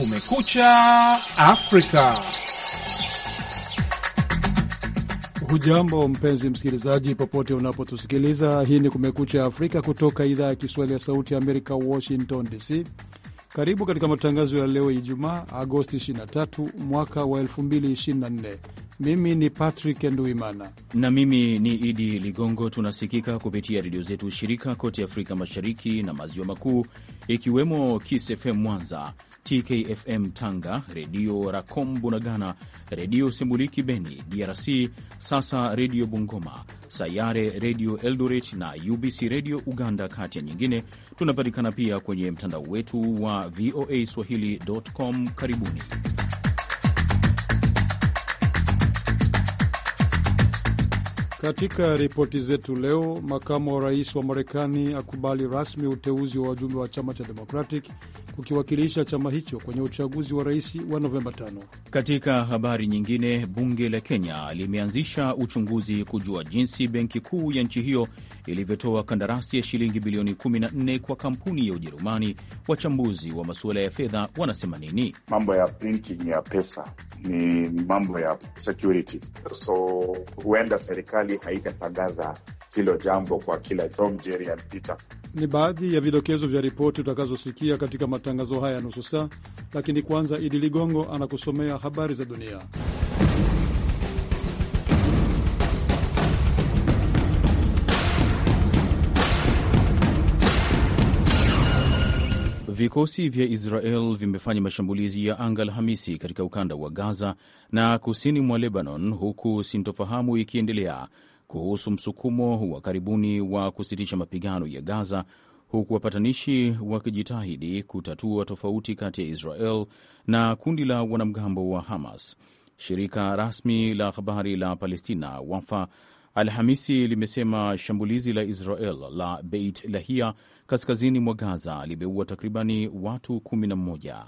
Kumekucha Afrika. Hujambo mpenzi msikilizaji, popote unapotusikiliza. Hii ni Kumekucha Afrika kutoka idhaa ya Kiswahili ya Sauti ya Amerika, Washington DC. Karibu katika matangazo ya leo Ijumaa, Agosti 23 mwaka wa 2024. Mimi ni Patrick Nduimana na mimi ni Idi Ligongo. Tunasikika kupitia redio zetu shirika kote Afrika Mashariki na Maziwa Makuu, ikiwemo Kiss FM Mwanza, TKFM Tanga, Redio Racom Bunagana, Redio Sembuliki Beni DRC, Sasa Redio Bungoma, Sayare Redio Eldoret na UBC Redio Uganda, kati ya nyingine. Tunapatikana pia kwenye mtandao wetu wa VOA Swahili.com. Karibuni. Katika ripoti zetu leo, makamu wa rais wa Marekani akubali rasmi uteuzi wa wajumbe wa chama cha Democratic kukiwakilisha chama hicho kwenye uchaguzi wa rais wa Novemba 5. Katika habari nyingine, bunge la Kenya limeanzisha uchunguzi kujua jinsi benki kuu ya nchi hiyo lilivyotoa kandarasi ya shilingi bilioni 14 kwa kampuni ya Ujerumani. Wachambuzi wa masuala ya fedha wanasema nini? Mambo ya printing ya pesa ni mambo ya security, so huenda serikali haitatangaza hilo jambo kwa kila Tom, Jerry and Peter. Ni baadhi ya vidokezo vya ripoti utakazosikia katika matangazo haya nusu saa, lakini kwanza Idi Ligongo anakusomea habari za dunia. Vikosi vya Israel vimefanya mashambulizi ya anga Alhamisi katika ukanda wa Gaza na kusini mwa Lebanon, huku sintofahamu ikiendelea kuhusu msukumo wa karibuni wa kusitisha mapigano ya Gaza, huku wapatanishi wakijitahidi kutatua tofauti kati ya Israel na kundi la wanamgambo wa Hamas. Shirika rasmi la habari la Palestina, Wafa, Alhamisi limesema shambulizi la Israel la Beit Lahia kaskazini mwa Gaza limeua takribani watu 11.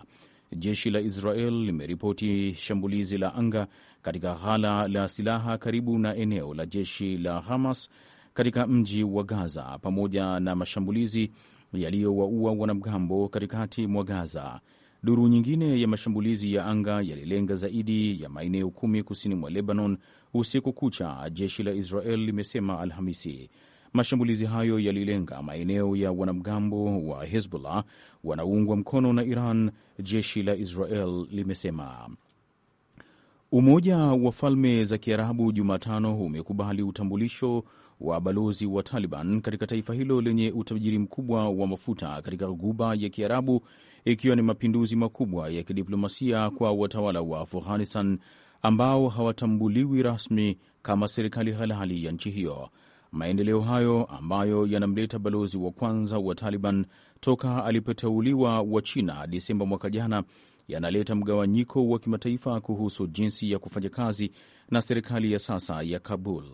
Jeshi la Israel limeripoti shambulizi la anga katika ghala la silaha karibu na eneo la jeshi la Hamas katika mji wa Gaza pamoja na mashambulizi yaliyowaua wanamgambo katikati mwa Gaza. Duru nyingine ya mashambulizi ya anga yalilenga zaidi ya maeneo kumi kusini mwa Lebanon usiku kucha, jeshi la Israel limesema Alhamisi. Mashambulizi hayo yalilenga maeneo ya wanamgambo wa Hezbollah wanaoungwa mkono na Iran, jeshi la Israel limesema. Umoja wa Falme za Kiarabu Jumatano umekubali utambulisho wa balozi wa Taliban katika taifa hilo lenye utajiri mkubwa wa mafuta katika Ghuba ya Kiarabu, ikiwa ni mapinduzi makubwa ya kidiplomasia kwa watawala wa Afghanistan ambao hawatambuliwi rasmi kama serikali halali ya nchi hiyo. Maendeleo hayo ambayo yanamleta balozi wa kwanza wa Taliban toka alipoteuliwa wa China Desemba mwaka jana yanaleta mgawanyiko wa kimataifa kuhusu jinsi ya kufanya kazi na serikali ya sasa ya Kabul.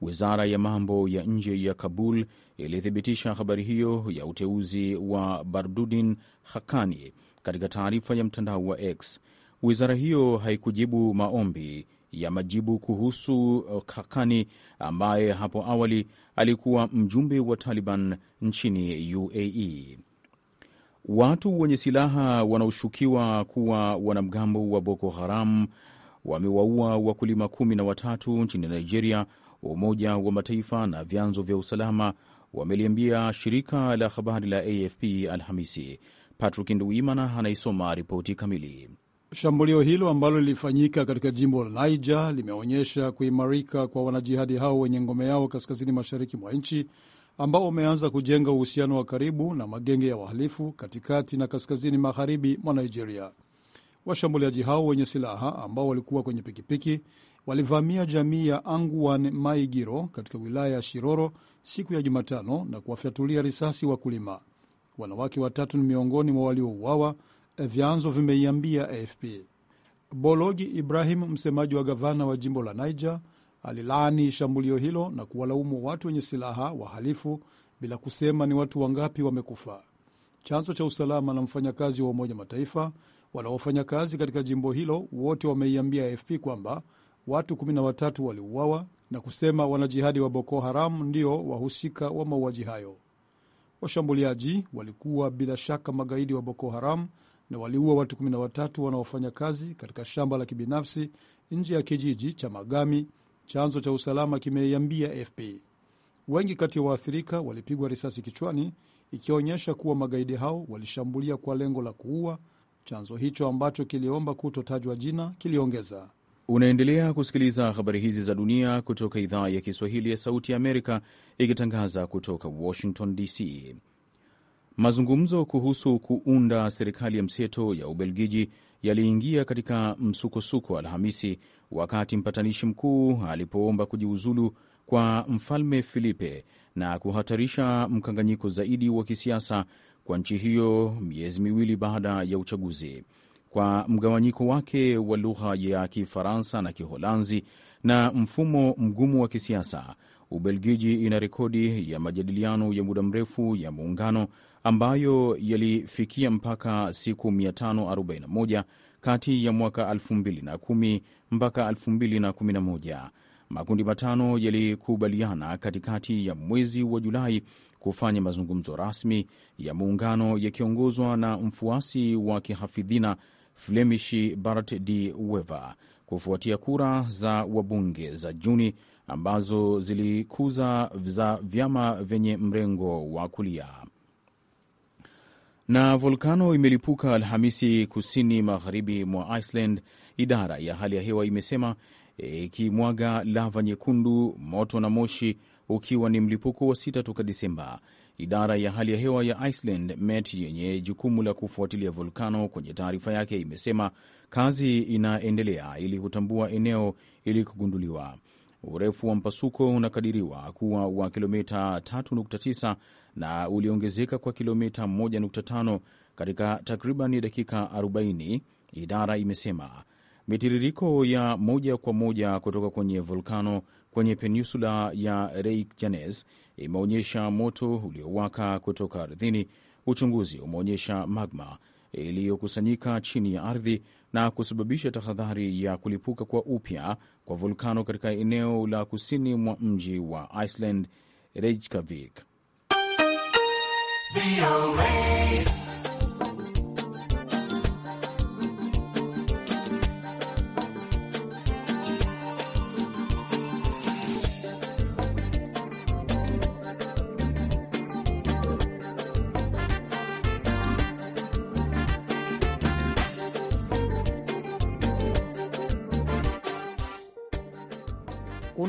Wizara ya mambo ya nje ya Kabul ilithibitisha habari hiyo ya uteuzi wa Bardudin Hakani katika taarifa ya mtandao wa X. Wizara hiyo haikujibu maombi ya majibu kuhusu Hakani ambaye hapo awali alikuwa mjumbe wa Taliban nchini UAE. Watu wenye silaha wanaoshukiwa kuwa wanamgambo wa Boko Haram wamewaua wakulima kumi na watatu nchini Nigeria wa Umoja wa Mataifa na vyanzo vya usalama wameliambia shirika la habari la AFP Alhamisi. Patrick nduimana anaisoma ripoti kamili. Shambulio hilo ambalo lilifanyika katika jimbo la Niger limeonyesha kuimarika kwa wanajihadi hao wenye ngome yao kaskazini mashariki mwa nchi ambao wameanza kujenga uhusiano wa karibu na magenge ya wahalifu katikati na kaskazini magharibi mwa Nigeria. Washambuliaji hao wenye silaha ambao walikuwa kwenye pikipiki walivamia jamii ya Anguan Maigiro katika wilaya ya Shiroro siku ya Jumatano na kuwafyatulia risasi wakulima. Wanawake watatu ni miongoni mwa waliouawa, eh, vyanzo vimeiambia AFP. Bologi Ibrahim, msemaji wa gavana wa jimbo la Niger, alilaani shambulio hilo na kuwalaumu watu wenye silaha wahalifu, bila kusema ni watu wangapi wamekufa. Chanzo cha usalama na mfanyakazi wa Umoja Mataifa wanaofanya kazi katika jimbo hilo wote wameiambia AFP kwamba watu 13 waliuawa na kusema wanajihadi wa Boko Haram ndio wahusika wa mauaji hayo. Washambuliaji walikuwa bila shaka magaidi wa Boko Haram na waliua watu 13 wanaofanya kazi katika shamba la kibinafsi nje ya kijiji cha Magami, chanzo cha usalama kimeiambia FP. Wengi kati ya waathirika walipigwa risasi kichwani, ikionyesha kuwa magaidi hao walishambulia kwa lengo la kuua. Chanzo hicho ambacho kiliomba kutotajwa jina kiliongeza Unaendelea kusikiliza habari hizi za dunia kutoka idhaa ya Kiswahili ya Sauti ya Amerika ikitangaza kutoka Washington DC. Mazungumzo kuhusu kuunda serikali ya mseto ya Ubelgiji yaliingia katika msukosuko Alhamisi wakati mpatanishi mkuu alipoomba kujiuzulu kwa Mfalme Filipe na kuhatarisha mkanganyiko zaidi wa kisiasa kwa nchi hiyo miezi miwili baada ya uchaguzi kwa mgawanyiko wake wa lugha ya Kifaransa na Kiholanzi na mfumo mgumu wa kisiasa, Ubelgiji ina rekodi ya majadiliano ya muda mrefu ya muungano ambayo yalifikia mpaka siku 541 kati ya mwaka 2010 mpaka 2011. Makundi matano yalikubaliana katikati ya mwezi wa Julai kufanya mazungumzo rasmi ya muungano yakiongozwa na mfuasi wa kihafidhina Flemish Bart de Wever kufuatia kura za wabunge za Juni ambazo zilikuza za vyama vyenye mrengo wa kulia. Na volkano imelipuka Alhamisi kusini magharibi mwa Iceland, idara ya hali ya hewa imesema ikimwaga e, lava nyekundu, moto na moshi ukiwa ni mlipuko wa sita toka Disemba. Idara ya hali ya hewa ya Iceland, MET, yenye jukumu la kufuatilia volkano, kwenye taarifa yake imesema kazi inaendelea ili kutambua eneo kugunduliwa. Urefu wa mpasuko unakadiriwa kuwa wa kilomita 3.9 na uliongezeka kwa kilomita 1.5 katika takriban dakika 40, idara imesema. Mitiririko ya moja kwa moja kutoka kwenye volkano kwenye peninsula ya Reykjanes imeonyesha moto uliowaka kutoka ardhini. Uchunguzi umeonyesha magma iliyokusanyika chini ya ardhi na kusababisha tahadhari ya kulipuka kwa upya kwa volkano katika eneo la kusini mwa mji wa Iceland Reykjavik.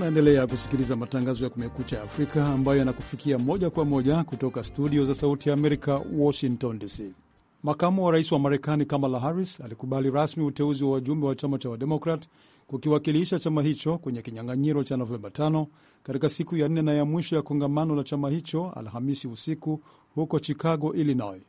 Unaendelea kusikiliza matangazo ya Kumekucha Afrika ambayo yanakufikia moja kwa moja kutoka studio za Sauti ya Amerika, Washington DC. Makamu wa rais wa Marekani Kamala Harris alikubali rasmi uteuzi wa wajumbe wa chama cha Wademokrat kukiwakilisha chama hicho kwenye kinyang'anyiro cha Novemba 5 katika siku ya nne na ya mwisho ya kongamano la chama hicho Alhamisi usiku huko Chicago, Illinois.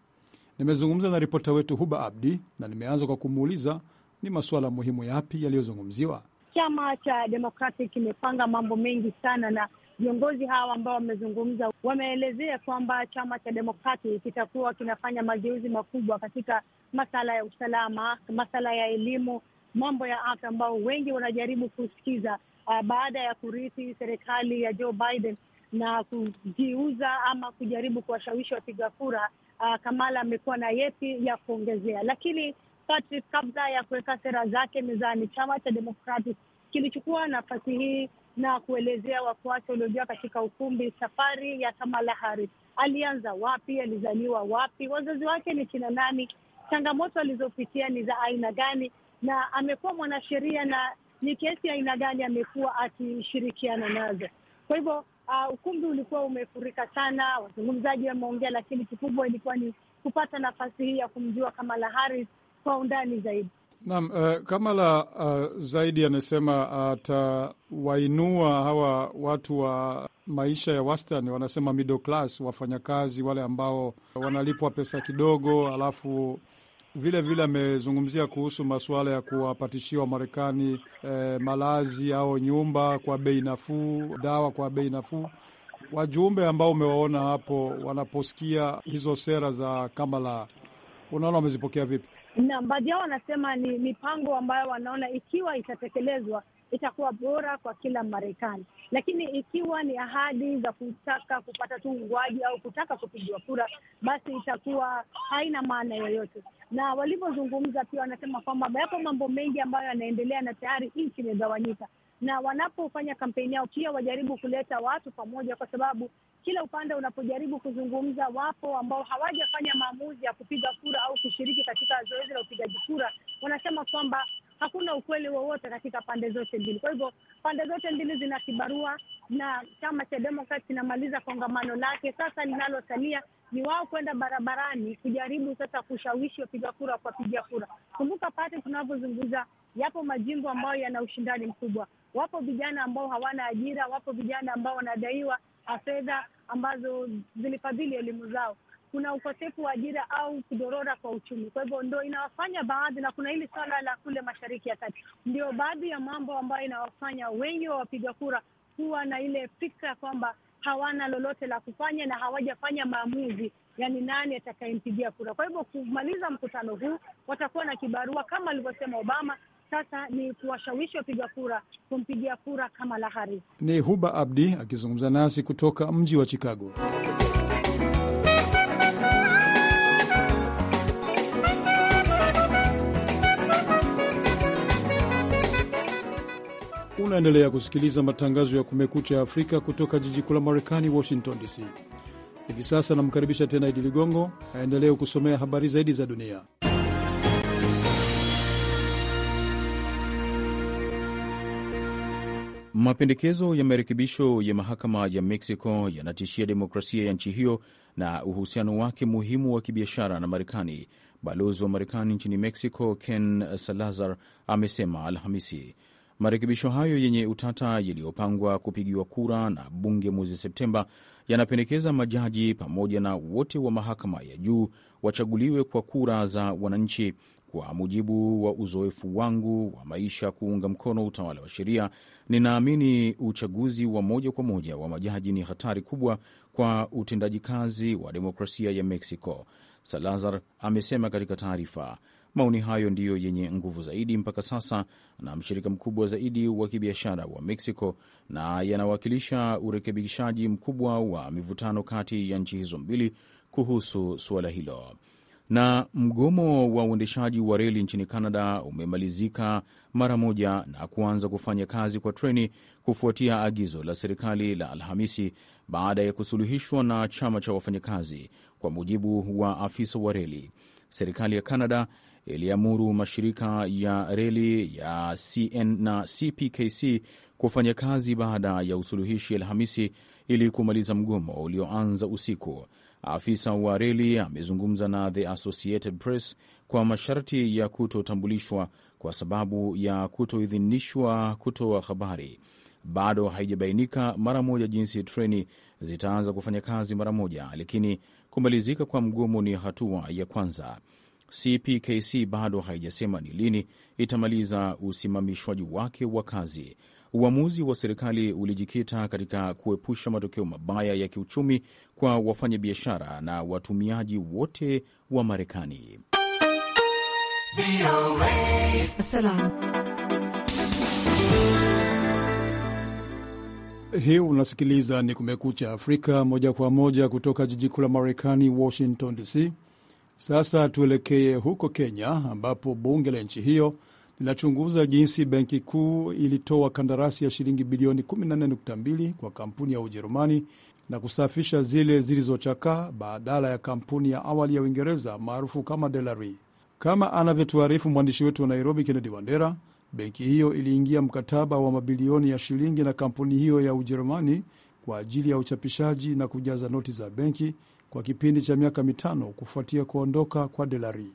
Nimezungumza na ripota wetu Huba Abdi na nimeanza kwa kumuuliza ni masuala muhimu yapi yaliyozungumziwa chama cha Democratic kimepanga mambo mengi sana, na viongozi hawa ambao wamezungumza wameelezea kwamba chama cha Demokrati kitakuwa kinafanya mageuzi makubwa katika masala ya usalama, masala ya elimu, mambo ya afya, ambao wengi wanajaribu kusikiza uh, baada ya kurithi serikali ya Joe Biden na kujiuza ama kujaribu kuwashawishi wapiga kura. Uh, Kamala amekuwa na yepi ya kuongezea, lakini Patrick kabla ya kuweka sera zake mezani. Chama cha demokrati kilichukua nafasi hii na kuelezea wafuasi waliojua katika ukumbi safari ya Kamala Harris. Alianza wapi? Alizaliwa wapi? Wazazi wake ni kina nani? Changamoto alizopitia ni za aina gani? Na amekuwa mwanasheria na ni kesi aina gani amekuwa akishirikiana nazo? Kwa hivyo uh, ukumbi ulikuwa umefurika sana, wazungumzaji wameongea, lakini kikubwa ilikuwa ni kupata nafasi hii ya kumjua Kamala Harris kwa undani zaidi. Naam, uh, Kamala uh, zaidi anasema atawainua uh, hawa watu wa maisha ya wastani, wanasema middle class, wafanyakazi wale ambao wanalipwa pesa kidogo, alafu vile vile amezungumzia kuhusu masuala ya kuwapatishia Wamarekani eh, malazi au nyumba kwa bei nafuu, dawa kwa bei nafuu. Wajumbe ambao umewaona hapo wanaposikia hizo sera za Kamala, unaona wamezipokea vipi? na baadhi yao wanasema ni mipango ambayo wanaona ikiwa itatekelezwa itakuwa bora kwa kila Marekani, lakini ikiwa ni ahadi za kutaka kupata tu ungwaji au kutaka kupigiwa kura, basi itakuwa haina maana yoyote. Na walivyozungumza pia wanasema kwamba yapo mambo mengi ambayo yanaendelea na tayari nchi imegawanyika na wanapofanya kampeni yao pia wajaribu kuleta watu pamoja, kwa sababu kila upande unapojaribu kuzungumza, wapo ambao hawajafanya maamuzi ya kupiga kura au kushiriki katika zoezi la upigaji kura, wanasema kwamba hakuna ukweli wowote katika pande zote mbili. Kwa hivyo pande zote mbili zina kibarua, na chama cha Demokrat kinamaliza kongamano lake. Sasa linalosalia ni wao kwenda barabarani kujaribu sasa kushawishi wapiga kura kuwapigia kura. Kumbuka pate tunavyozungumza, yapo majimbo ambayo yana ushindani mkubwa, wapo vijana ambao hawana ajira, wapo vijana ambao wanadaiwa fedha ambazo zilifadhili elimu zao kuna ukosefu wa ajira au kudorora kwa uchumi. Kwa hivyo ndo inawafanya baadhi, na kuna hili swala la kule mashariki ya kati, ndio baadhi ya mambo ambayo inawafanya wengi wa wapiga kura kuwa na ile fikra kwamba hawana lolote la kufanya na hawajafanya maamuzi, yani nani atakayempigia kura. Kwa hivyo kumaliza mkutano huu, watakuwa na kibarua kama alivyosema Obama. Sasa ni kuwashawishi wapiga kura kumpigia kura Kamala Harris. Ni Huba Abdi akizungumza nasi kutoka mji wa Chicago. Unaendelea kusikiliza matangazo ya Kumekucha Afrika kutoka jiji kuu la Marekani, Washington DC. Hivi sasa namkaribisha tena Idi Ligongo aendelee kusomea habari zaidi za dunia. Mapendekezo ya marekebisho ya mahakama ya Mexico yanatishia demokrasia ya nchi hiyo na uhusiano wake muhimu wa kibiashara na Marekani. Balozi wa Marekani nchini Mexico Ken Salazar amesema Alhamisi Marekebisho hayo yenye utata yaliyopangwa kupigiwa kura na bunge mwezi Septemba yanapendekeza majaji pamoja na wote wa mahakama ya juu wachaguliwe kwa kura za wananchi. Kwa mujibu wa uzoefu wangu wa maisha kuunga mkono utawala wa sheria, ninaamini uchaguzi wa moja kwa moja wa majaji ni hatari kubwa kwa utendaji kazi wa demokrasia ya Mexico, Salazar amesema katika taarifa. Maoni hayo ndiyo yenye nguvu zaidi mpaka sasa na mshirika mkubwa zaidi wa kibiashara wa Mexico na yanawakilisha urekebishaji mkubwa wa mivutano kati ya nchi hizo mbili kuhusu suala hilo. Na mgomo wa uendeshaji wa reli nchini Canada umemalizika mara moja na kuanza kufanya kazi kwa treni kufuatia agizo la serikali la Alhamisi baada ya kusuluhishwa na chama cha wafanyakazi, kwa mujibu wa afisa wa reli. Serikali ya Canada iliamuru mashirika ya reli ya CN na CPKC kufanya kazi baada ya usuluhishi Alhamisi ili kumaliza mgomo ulioanza usiku. Afisa wa reli amezungumza na The Associated Press kwa masharti ya kutotambulishwa kwa sababu ya kutoidhinishwa kutoa habari. Bado haijabainika mara moja jinsi treni zitaanza kufanya kazi mara moja, lakini kumalizika kwa mgomo ni hatua ya kwanza. CPKC bado haijasema ni lini itamaliza usimamishwaji wake wa kazi. Uamuzi wa serikali ulijikita katika kuepusha matokeo mabaya ya kiuchumi kwa wafanyabiashara na watumiaji wote wa Marekani. Hii unasikiliza ni Kumekucha Afrika, moja kwa moja kutoka jiji kuu la Marekani, Washington DC. Sasa tuelekee huko Kenya, ambapo bunge la nchi hiyo linachunguza jinsi benki kuu ilitoa kandarasi ya shilingi bilioni 14.2 kwa kampuni ya Ujerumani na kusafisha zile zilizochakaa badala ya kampuni ya awali ya Uingereza maarufu kama Delari. Kama anavyotuarifu mwandishi wetu wa Nairobi, Kennedy Wandera, benki hiyo iliingia mkataba wa mabilioni ya shilingi na kampuni hiyo ya Ujerumani kwa ajili ya uchapishaji na kujaza noti za benki kwa kipindi cha miaka mitano kufuatia kuondoka kwa Delari.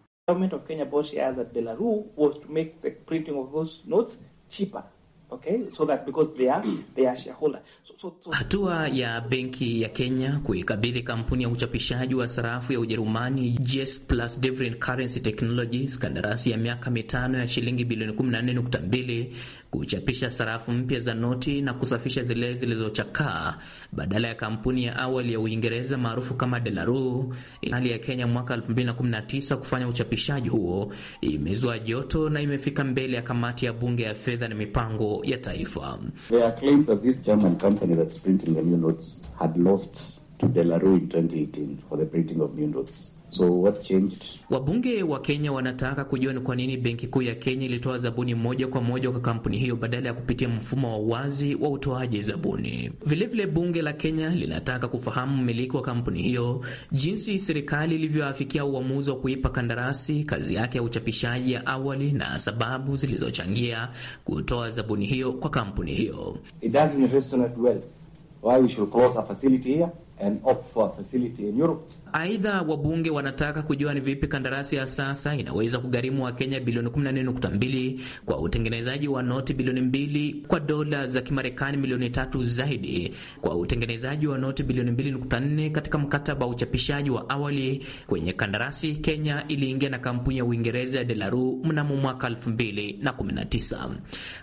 Hatua ya benki ya Kenya kuikabidhi kampuni ya uchapishaji wa sarafu ya Ujerumani Jes plus Different Currency Technologies kandarasi ya miaka mitano ya shilingi bilioni 14.2 kuchapisha sarafu mpya za noti na kusafisha zile zilizochakaa badala ya kampuni ya awali ya Uingereza maarufu kama De La Rue. Hali ya Kenya mwaka 2019 kufanya uchapishaji huo imezua joto na imefika mbele ya kamati ya bunge ya fedha na mipango ya taifa. There are claims that this German company that's printing the new notes had lost to Delarue in 2018 for the printing of new notes. So what changed? Wabunge wa Kenya wanataka kujua ni kwa nini Benki Kuu ya Kenya ilitoa zabuni moja kwa moja kwa kampuni hiyo badala ya kupitia mfumo wa wazi wa utoaji zabuni. Vilevile vile bunge la Kenya linataka kufahamu mmiliki wa kampuni hiyo, jinsi serikali ilivyoafikia uamuzi wa kuipa kandarasi kazi yake ya uchapishaji ya awali na sababu zilizochangia kutoa zabuni hiyo kwa kampuni hiyo. It an OPFA uh, facility in Europe Aidha, wabunge wanataka kujua ni vipi kandarasi ya sasa inaweza kugharimu Wakenya bilioni 14.2 kwa utengenezaji wa noti bilioni mbili kwa dola za Kimarekani milioni tatu zaidi kwa utengenezaji wa noti bilioni 2.4 katika mkataba wa uchapishaji wa awali kwenye kandarasi Kenya iliingia na kampuni ya Uingereza ya Delaru mnamo mwaka 2019.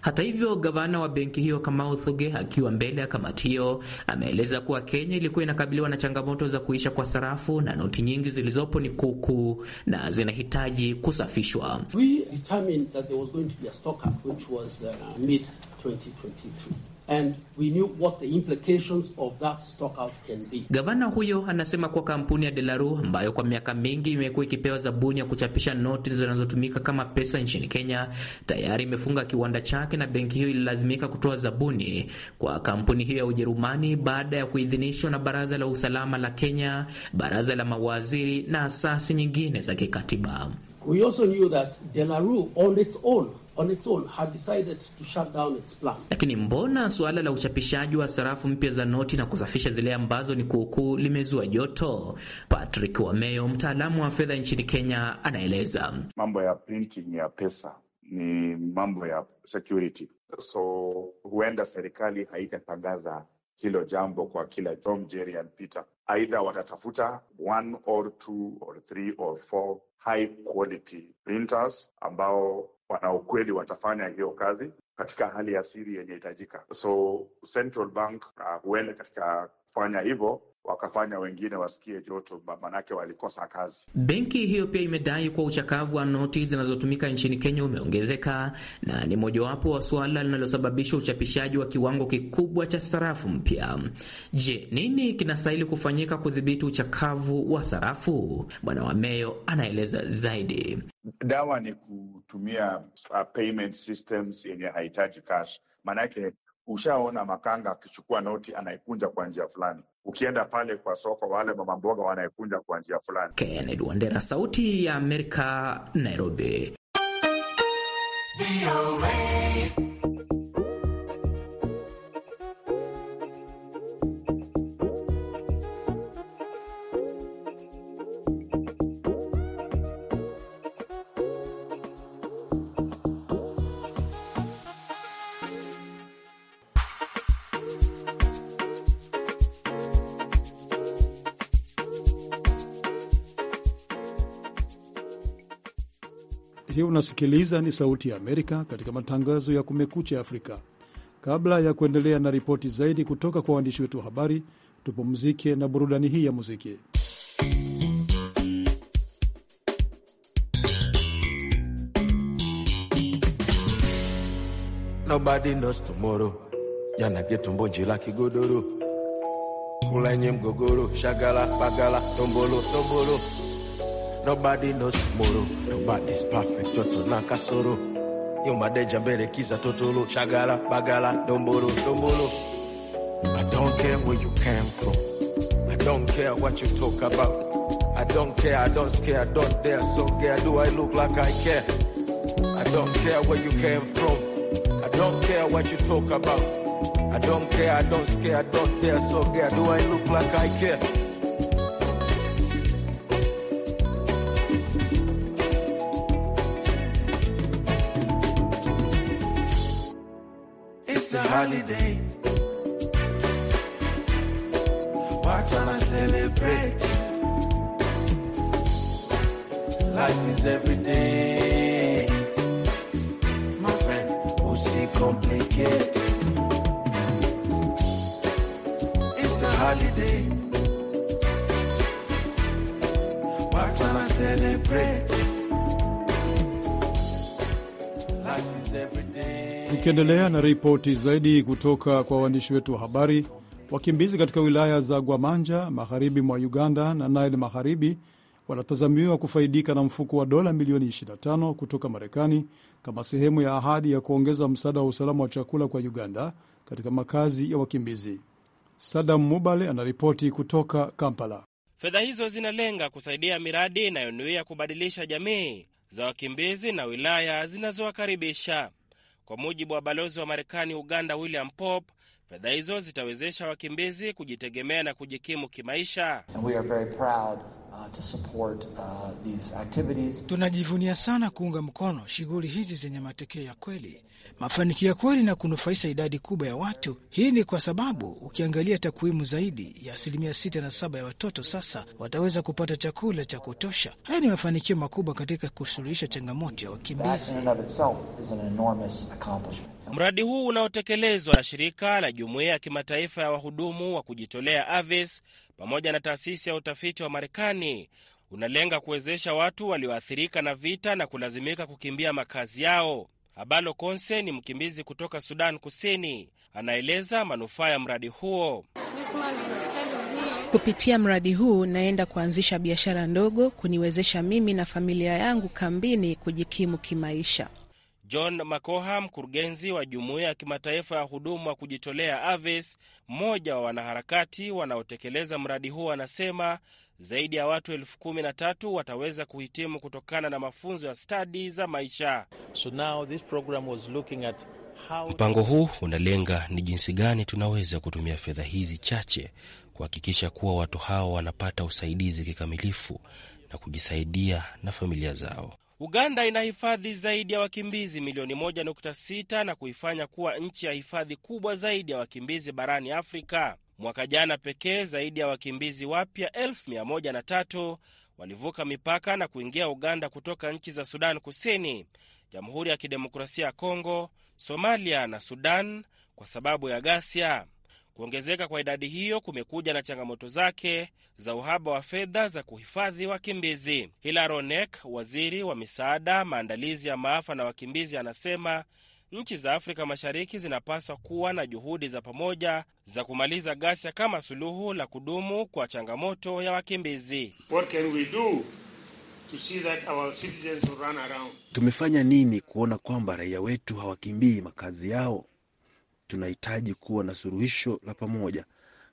Hata hivyo, gavana wa benki hiyo Kamau Thuge akiwa mbele ya kamati hiyo ameeleza kuwa Kenya ilikuwa inakabiliwa na changamoto za kuisha kwa sarafu na noti nyingi zilizopo ni kuku na zinahitaji kusafishwa. We And we knew what the implications of that stock can be. Gavana huyo anasema kuwa kampuni ya Delaru ambayo kwa miaka mingi imekuwa ikipewa zabuni ya kuchapisha noti zinazotumika kama pesa nchini Kenya tayari imefunga kiwanda chake, na benki hiyo ililazimika kutoa zabuni kwa kampuni hiyo ya Ujerumani baada ya kuidhinishwa na Baraza la Usalama la Kenya, Baraza la Mawaziri na asasi nyingine za kikatiba. We also knew that Delaru on its own on its own had decided to shut down its plan. Lakini mbona suala la uchapishaji wa sarafu mpya za noti na kusafisha zile ambazo ni kuukuu limezua joto? Patrick Wameyo, mtaalamu wa fedha nchini Kenya, anaeleza. Mambo ya printing ya pesa ni mambo ya security, so huenda serikali haitatangaza hilo jambo kwa kila Tom, Jerry and Peter. Aidha watatafuta one or two or three or four high quality printers ambao wana ukweli watafanya hiyo kazi katika hali ya siri yenye hitajika. So Central Bank uh, katika kufanya hivyo wakafanya wengine wasikie joto, maanake walikosa kazi. Benki hiyo pia imedai kuwa uchakavu wa noti zinazotumika nchini Kenya umeongezeka na ni mojawapo wa suala linalosababisha uchapishaji wa kiwango kikubwa cha sarafu mpya. Je, nini kinastahili kufanyika kudhibiti uchakavu wa sarafu? Bwana Wameyo anaeleza zaidi. Dawa ni kutumia uh, payment systems yenye hahitaji cash, maanake Ushaona makanga akichukua noti anaikunja kwa njia fulani, ukienda pale kwa soko wale mama mboga wanaikunja kwa njia fulani. Kennedy Wandera, Sauti ya Amerika, Nairobi. unasikiliza ni Sauti ya Amerika katika matangazo ya Kumekucha Afrika. Kabla ya kuendelea na ripoti zaidi kutoka kwa waandishi wetu wa habari, tupumzike na burudani hii ya muziki. Nobody knows tomorrow, jana getumbo njila kigodoro, kulenye mgogoro, shagala bagala, tombolo tombolo Nobody knows tomorrow, nobody's perfect. Toto na kasoro, yung madeja mbele kiza totolo, chagala bagala dombolo dombolo. I don't care where you came from. I don't care what you talk about. I don't care, I don't care, I don't dare. So care, do I look like I care? I don't care where you came from. I don't care what you talk about. I don't care, I don't care, I don't dare. So care, do I look like I care? holiday. Why can't I celebrate? Life is every day. My friend, it complicated? It's a holiday. Why can't I celebrate? tukiendelea na ripoti zaidi kutoka kwa waandishi wetu wa habari, wakimbizi katika wilaya za Gwamanja magharibi mwa Uganda na Nile magharibi wanatazamiwa kufaidika na mfuko wa dola milioni 25 kutoka Marekani kama sehemu ya ahadi ya kuongeza msaada wa usalama wa chakula kwa Uganda katika makazi ya wakimbizi. Sadam Mubale anaripoti kutoka Kampala. Fedha hizo zinalenga kusaidia miradi inayonuia kubadilisha jamii za wakimbizi na wilaya zinazowakaribisha. Kwa mujibu wa balozi wa Marekani Uganda William Pope, fedha hizo zitawezesha wakimbizi kujitegemea na kujikimu kimaisha. And we are very proud Uh, to support, uh, these activities. Tunajivunia sana kuunga mkono shughuli hizi zenye matokeo ya kweli, mafanikio ya kweli na kunufaisha idadi kubwa ya watu. Hii ni kwa sababu ukiangalia takwimu, zaidi ya asilimia 67 ya watoto sasa wataweza kupata chakula cha kutosha. Haya ni mafanikio makubwa katika kusuluhisha changamoto ya wakimbizi. Mradi huu unaotekelezwa na shirika la jumuiya ya kimataifa ya wahudumu wa kujitolea AVIS e pamoja na taasisi ya utafiti wa Marekani unalenga kuwezesha watu walioathirika na vita na kulazimika kukimbia makazi yao. Abalo Konse ni mkimbizi kutoka Sudan Kusini, anaeleza manufaa ya mradi huo. Kupitia mradi huu naenda kuanzisha biashara ndogo kuniwezesha mimi na familia yangu kambini kujikimu kimaisha. John Makoha, mkurugenzi wa jumuiya ya kimataifa ya huduma wa kujitolea AVES, mmoja wa wanaharakati wanaotekeleza mradi huo, anasema zaidi ya watu elfu kumi na tatu wataweza kuhitimu kutokana na mafunzo ya stadi za maisha. So now this program was looking at how... mpango huu unalenga ni jinsi gani tunaweza kutumia fedha hizi chache kuhakikisha kuwa watu hawo wanapata usaidizi kikamilifu na kujisaidia na familia zao. Uganda ina hifadhi zaidi ya wakimbizi milioni 1.6 na kuifanya kuwa nchi ya hifadhi kubwa zaidi ya wakimbizi barani Afrika. Mwaka jana pekee zaidi ya wakimbizi wapya 13 walivuka mipaka na kuingia Uganda kutoka nchi za Sudan Kusini, Jamhuri ya Kidemokrasia ya Kongo, Somalia na Sudan kwa sababu ya ghasia. Kuongezeka kwa idadi hiyo kumekuja na changamoto zake za uhaba wa fedha za kuhifadhi wakimbizi. Hilaronek, waziri wa misaada, maandalizi ya maafa na wakimbizi, anasema nchi za Afrika Mashariki zinapaswa kuwa na juhudi za pamoja za kumaliza ghasia kama suluhu la kudumu kwa changamoto ya wakimbizi. What can we do? Tumefanya nini kuona kwamba raia wetu hawakimbii makazi yao? tunahitaji kuwa na suluhisho la pamoja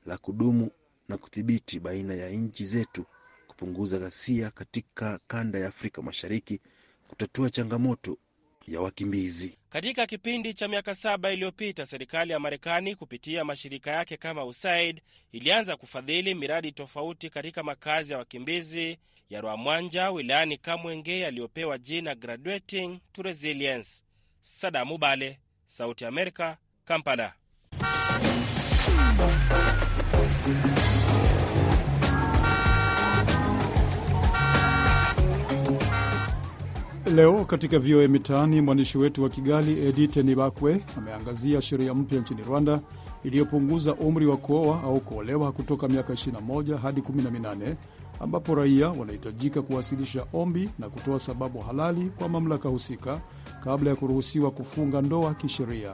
la kudumu na kudhibiti baina ya nchi zetu, kupunguza ghasia katika kanda ya Afrika Mashariki, kutatua changamoto ya wakimbizi. Katika kipindi cha miaka saba iliyopita, serikali ya Marekani kupitia mashirika yake kama USAID ilianza kufadhili miradi tofauti katika makazi ya wakimbizi ya Rwamwanja wilayani Kamwenge yaliyopewa jina Graduating to Resilience. Sadamu Bale, Sauti Amerika, Kampala. Leo katika VOA e Mitaani, mwandishi wetu wa Kigali Edith Nibakwe ameangazia sheria mpya nchini Rwanda iliyopunguza umri wa kuoa au kuolewa kutoka miaka 21 hadi 18, ambapo raia wanahitajika kuwasilisha ombi na kutoa sababu halali kwa mamlaka husika kabla ya kuruhusiwa kufunga ndoa kisheria.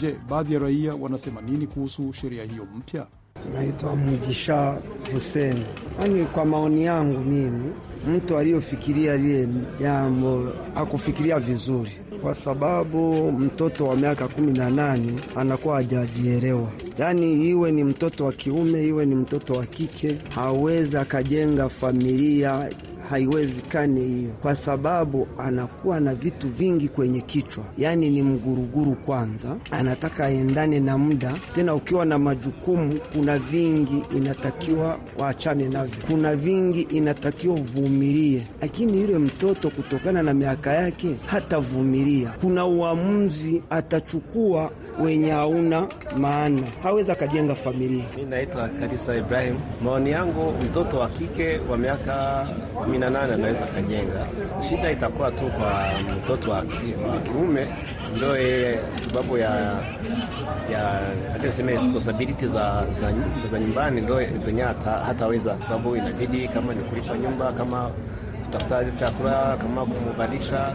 Je, baadhi ya raia wanasema nini kuhusu sheria hiyo mpya? Naitwa Mujisha Huseni. ani kwa maoni yangu mimi, mtu aliyofikiria lile jambo akufikiria vizuri, kwa sababu mtoto wa miaka kumi na nane anakuwa hajajielewa. Yaani iwe ni mtoto wa kiume, iwe ni mtoto wa kike, hawezi akajenga familia haiwezekani hiyo, kwa sababu anakuwa na vitu vingi kwenye kichwa, yaani ni mguruguru kwanza, anataka aendane na muda. Tena ukiwa na majukumu, kuna vingi inatakiwa waachane navyo, kuna vingi inatakiwa uvumilie, lakini yule mtoto kutokana na miaka yake hatavumilia. Kuna uamuzi atachukua wenye hauna maana, hawezi akajenga familia. Mi naitwa Karisa Ibrahim. Maoni yangu mtoto wa kike wa miaka kumi na nane anaweza akajenga. Shida itakuwa tu kwa mtoto wa kiume, ndio yeye sababu ya ya acha niseme responsibility za, za, za nyumbani ndio zenye hataweza, sababu inabidi kama ni kulipa nyumba, kama kutafuta chakula, kama kumvalisha,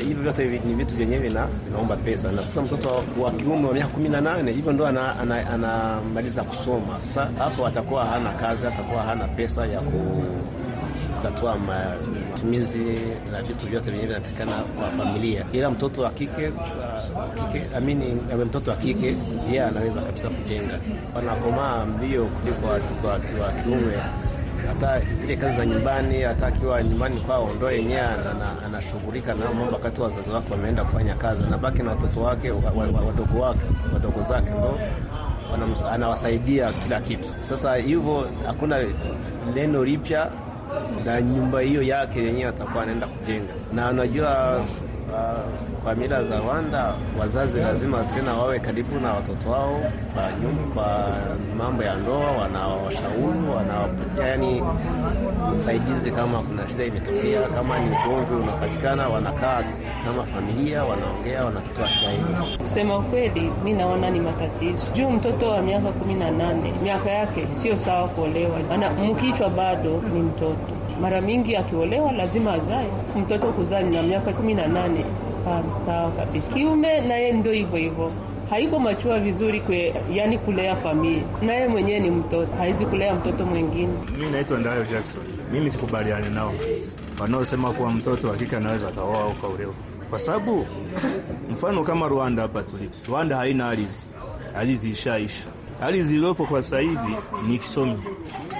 hivyo vyote ni vitu vyenyewe vinaomba pesa. Na sasa mtoto wa kiume wa miaka kumi na nane hivyo ndo anamaliza kusoma. Sasa hapo atakuwa hana kazi, atakuwa hana pesa ya ku tutatoa matumizi na vitu vyote vyenye vinapatikana kwa familia, ila mtoto wa kike uh, kike amini, mtoto wa kike yeye anaweza kabisa kujenga, wanakomaa mbio kuliko watoto wa kiume hata zile kazi za nyumbani, hata akiwa nyumbani kwao ndo yenyewe anashughulika na mambo, wakati wazazi wake wameenda kufanya kazi, anabaki na watoto wake wadogo wake wadogo zake ndo anawasaidia kila kitu. Sasa hivyo hakuna neno lipya na nyumba hiyo yake yenyewe atakuwa anaenda kujenga, na anajua Uh, kwa mila za Rwanda wazazi lazima tena wawe karibu na watoto wao kwa nyumba, kwa mambo ya ndoa, wanawashauri wanawapatia, yani msaidizi kama kuna shida imetokea, kama ni ugomvi unapatikana, wanakaa kama familia, wanaongea, wanatoa shida hiyo. Kusema kweli, mi naona ni matatizo juu mtoto wa miaka kumi na nane miaka yake sio sawa kuolewa, mkichwa bado ni mtoto mara mingi akiolewa lazima azae mtoto. Kuzaa na miaka kumi na nane sawa kabisa. Kiume naye ndo hivyo hivyo, haiko machua vizuri kwe, yani kulea familia, naye mwenyewe ni mtoto, hawezi kulea mtoto mwingine. Mimi naitwa Ndayo Jackson. Mimi sikubaliani nao wanaosema kuwa mtoto hakika anaweza akaoa au kaolewa, kwa sababu mfano kama Rwanda hapa tulipo, Rwanda haina arizi ardhi ishaisha. arizi iliyopo kwa sasa hivi ni kisomi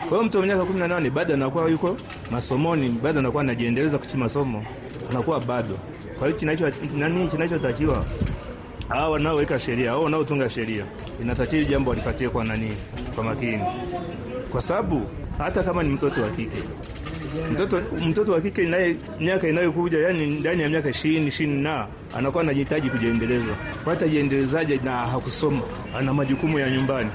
kwa hiyo mtu wa miaka 18 bado anakuwa yuko masomoni, bado anakuwa anajiendeleza kuchi masomo, anakuwa bado. Kwa hiyo kinacho nani kinachotakiwa hao wanaoweka sheria hao wanaotunga sheria inatakiwa jambo walifuatie kwa nani, kwa makini, kwa sababu hata kama ni mtoto wa kike mtoto mtoto wa kike naye miaka inayokuja, yani ndani ya miaka ishirini ishirini na anakuwa anajihitaji kujiendeleza. Hata jiendelezaje na hakusoma, ana majukumu ya nyumbani,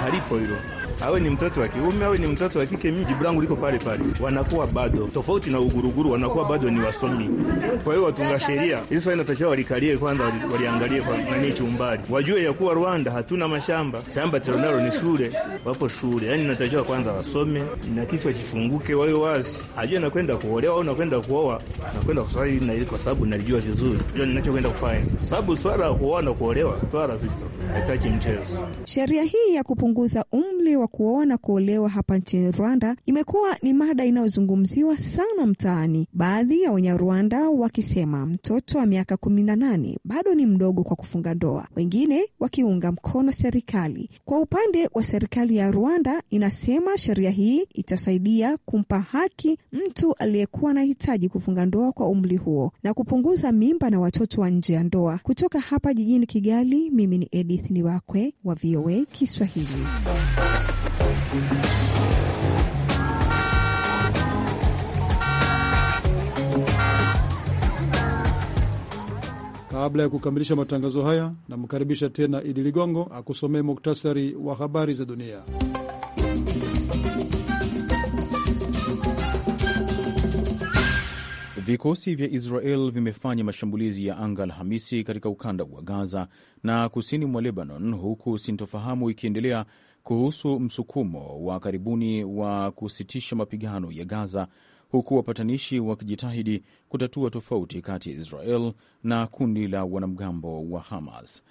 halipo hilo awe ni mtoto wa kiume awe ni mtoto wa kike, mimi jibu langu liko pale pale, wanakuwa bado tofauti na uguruguru, wanakuwa bado ni wasomi. Kwa hiyo watunga sheria hizo sasa inatakiwa walikalie kwanza, waliangalie kwa nani chumbali, wajue ya kuwa Rwanda hatuna mashamba, shamba tulionalo ni shule, wapo shule. Yani inatakiwa kwanza wasome na kichwa kifunguke, wawe wazi, ajue nakwenda kuolewa au nakwenda kuoa, nakwenda kuswali na ile, kwa sababu nalijua vizuri ndio ninachokwenda kufanya, sababu swala kuoa na kuolewa swala zito haitaki mchezo. Sheria hii ya kupunguza umri wa kuoa na kuolewa hapa nchini Rwanda imekuwa ni mada inayozungumziwa sana mtaani, baadhi ya Wanyarwanda wakisema mtoto wa miaka kumi na nane bado ni mdogo kwa kufunga ndoa, wengine wakiunga mkono serikali. Kwa upande wa serikali ya Rwanda inasema sheria hii itasaidia kumpa haki mtu aliyekuwa anahitaji kufunga ndoa kwa umri huo na kupunguza mimba na watoto wa nje ya ndoa. Kutoka hapa jijini Kigali, mimi ni Edith Niwakwe wa VOA Kiswahili. Kabla ya kukamilisha matangazo haya, namkaribisha tena Idi Ligongo akusomee muktasari wa habari za dunia. Vikosi vya Israel vimefanya mashambulizi ya anga Alhamisi katika ukanda wa Gaza na kusini mwa Lebanon, huku sintofahamu ikiendelea kuhusu msukumo wa karibuni wa kusitisha mapigano ya Gaza, huku wapatanishi wakijitahidi kutatua tofauti kati ya Israel na kundi la wanamgambo wa Hamas.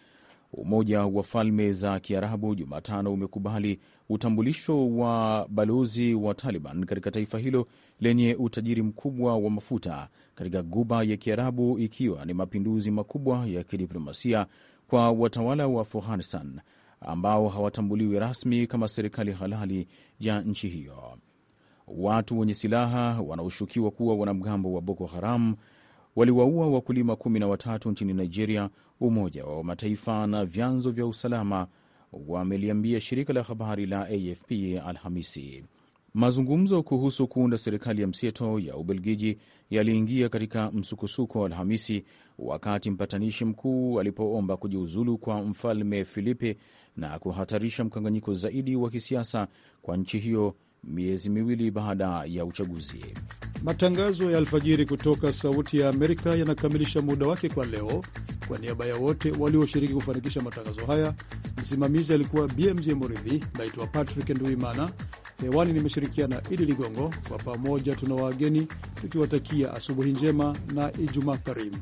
Umoja wa Falme za Kiarabu Jumatano umekubali utambulisho wa balozi wa Taliban katika taifa hilo lenye utajiri mkubwa wa mafuta katika Guba ya Kiarabu, ikiwa ni mapinduzi makubwa ya kidiplomasia kwa watawala wa Afghanistan ambao hawatambuliwi rasmi kama serikali halali ya nchi hiyo. Watu wenye silaha wanaoshukiwa kuwa wanamgambo wa Boko Haram waliwaua wakulima kumi na watatu nchini Nigeria, Umoja wa Mataifa na vyanzo vya usalama wameliambia shirika la habari la AFP Alhamisi. Mazungumzo kuhusu kuunda serikali ya mseto ya Ubelgiji yaliingia katika msukosuko Alhamisi wakati mpatanishi mkuu alipoomba kujiuzulu kwa mfalme Filipe na kuhatarisha mkanganyiko zaidi wa kisiasa kwa nchi hiyo miezi miwili baada ya uchaguzi. Matangazo ya alfajiri kutoka Sauti ya Amerika yanakamilisha muda wake kwa leo. Kwa niaba ya wote walioshiriki kufanikisha matangazo haya, msimamizi alikuwa BMJ Muridhi. Naitwa Patrick Nduimana, hewani nimeshirikiana Idi Ligongo. Kwa pamoja tuna wageni tukiwatakia asubuhi njema na Ijumaa karimu.